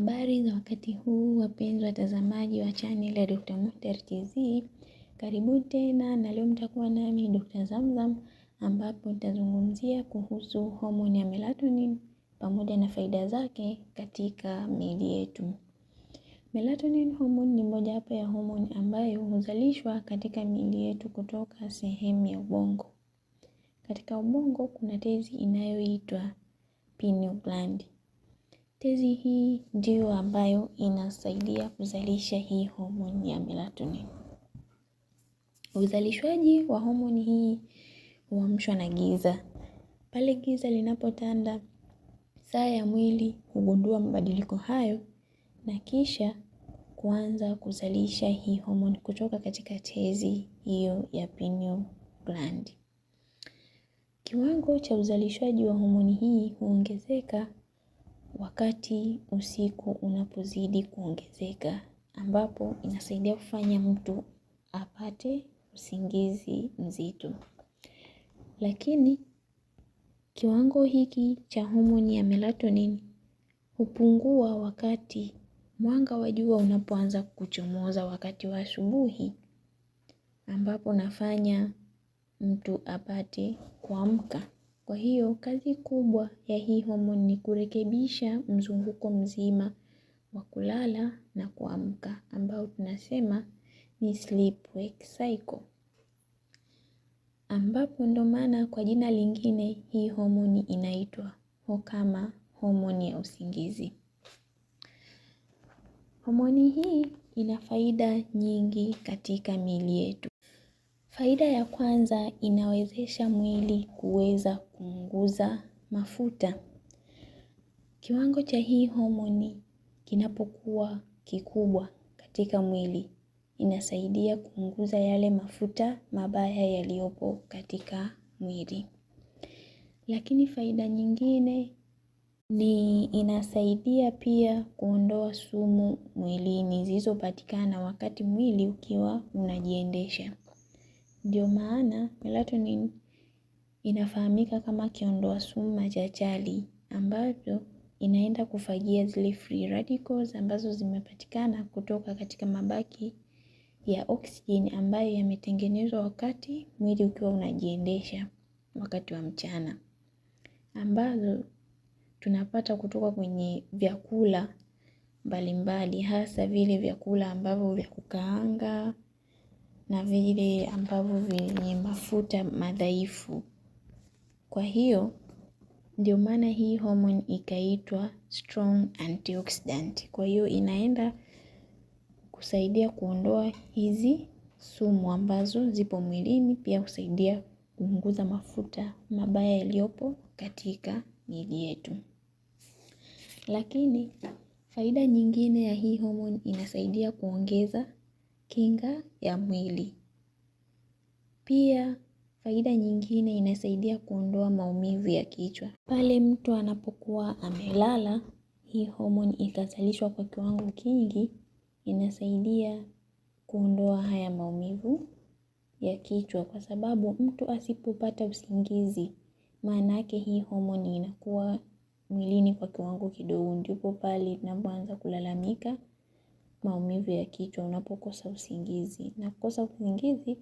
Habari za wakati huu wapenzi watazamaji wa channel ya Dr. Mukhtar TZ. karibu tena na leo mtakuwa nami Dr. Zamzam ambapo nitazungumzia kuhusu homoni ya melatonin pamoja na faida zake katika miili yetu. Melatonin hormone ni mojawapo ya homoni ambayo huzalishwa katika miili yetu kutoka sehemu ya ubongo. Katika ubongo kuna tezi inayoitwa pineal gland. Tezi hii ndiyo ambayo inasaidia kuzalisha hii homoni ya melatonin. Uzalishwaji wa homoni hii huamshwa na giza. Pale giza linapotanda, saa ya mwili hugundua mabadiliko hayo na kisha kuanza kuzalisha hii homoni kutoka katika tezi hiyo ya pineal gland. Kiwango cha uzalishwaji wa homoni hii huongezeka Wakati usiku unapozidi kuongezeka ambapo inasaidia kufanya mtu apate usingizi mzito. Lakini kiwango hiki cha homoni ya melatonin hupungua wakati mwanga wa jua unapoanza kuchomoza wakati wa asubuhi ambapo nafanya mtu apate kuamka. Kwa hiyo kazi kubwa ya hii homoni ni kurekebisha mzunguko mzima wa kulala na kuamka ambao tunasema ni sleep wake cycle, ambapo ndo maana kwa jina lingine hii homoni inaitwa ho kama homoni ya usingizi. Homoni hii ina faida nyingi katika miili yetu. Faida ya kwanza inawezesha mwili kuweza kupunguza mafuta. Kiwango cha hii homoni kinapokuwa kikubwa katika mwili inasaidia kupunguza yale mafuta mabaya yaliyopo katika mwili. Lakini faida nyingine ni inasaidia pia kuondoa sumu mwilini zilizopatikana wakati mwili ukiwa unajiendesha. Ndio maana melatonin inafahamika kama kiondoa sumu cha chali inaenda kufagia zile free radicals ambazo zimepatikana kutoka katika mabaki ya oxygen ambayo yametengenezwa wakati mwili ukiwa unajiendesha wakati wa mchana, ambazo tunapata kutoka kwenye vyakula mbalimbali hasa vile vyakula ambavyo vya kukaanga na vile ambavyo vyenye mafuta madhaifu. Kwa hiyo ndio maana hii homoni ikaitwa strong antioxidant. Kwa hiyo inaenda kusaidia kuondoa hizi sumu ambazo zipo mwilini, pia kusaidia kupunguza mafuta mabaya yaliyopo katika miili yetu. Lakini faida nyingine ya hii homon inasaidia kuongeza kinga ya mwili. Pia faida nyingine inasaidia kuondoa maumivu ya kichwa. Pale mtu anapokuwa amelala, hii homoni ikazalishwa kwa kiwango kingi, inasaidia kuondoa haya maumivu ya kichwa kwa sababu mtu asipopata usingizi, maana yake hii homoni inakuwa mwilini kwa kiwango kidogo ndipo pale inapoanza kulalamika maumivu ya kichwa unapokosa usingizi. Na kukosa usingizi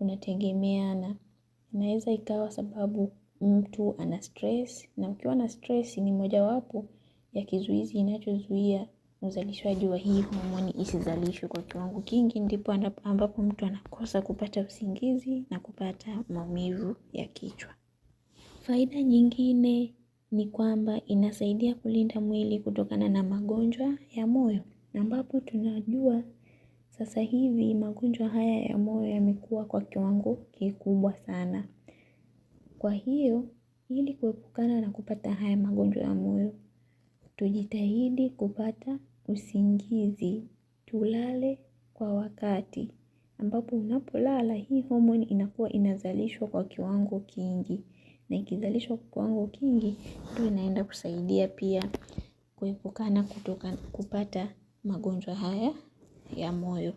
unategemeana inaweza ikawa sababu mtu ana stress, na ukiwa na stress ni mojawapo ya kizuizi inachozuia uzalishwaji wa hii homoni isizalishwe kwa kiwango kingi, ndipo ambapo mtu anakosa kupata usingizi na kupata maumivu ya kichwa. Faida nyingine ni kwamba inasaidia kulinda mwili kutokana na magonjwa ya moyo ambapo tunajua sasa hivi magonjwa haya ya moyo yamekuwa kwa kiwango kikubwa sana. Kwa hiyo, ili kuepukana na kupata haya magonjwa ya moyo, tujitahidi kupata usingizi, tulale kwa wakati, ambapo unapolala hii homoni inakuwa inazalishwa kwa kiwango kingi, na ikizalishwa kwa kiwango kingi, ndio inaenda kusaidia pia kuepukana kutoka kupata magonjwa haya ya moyo.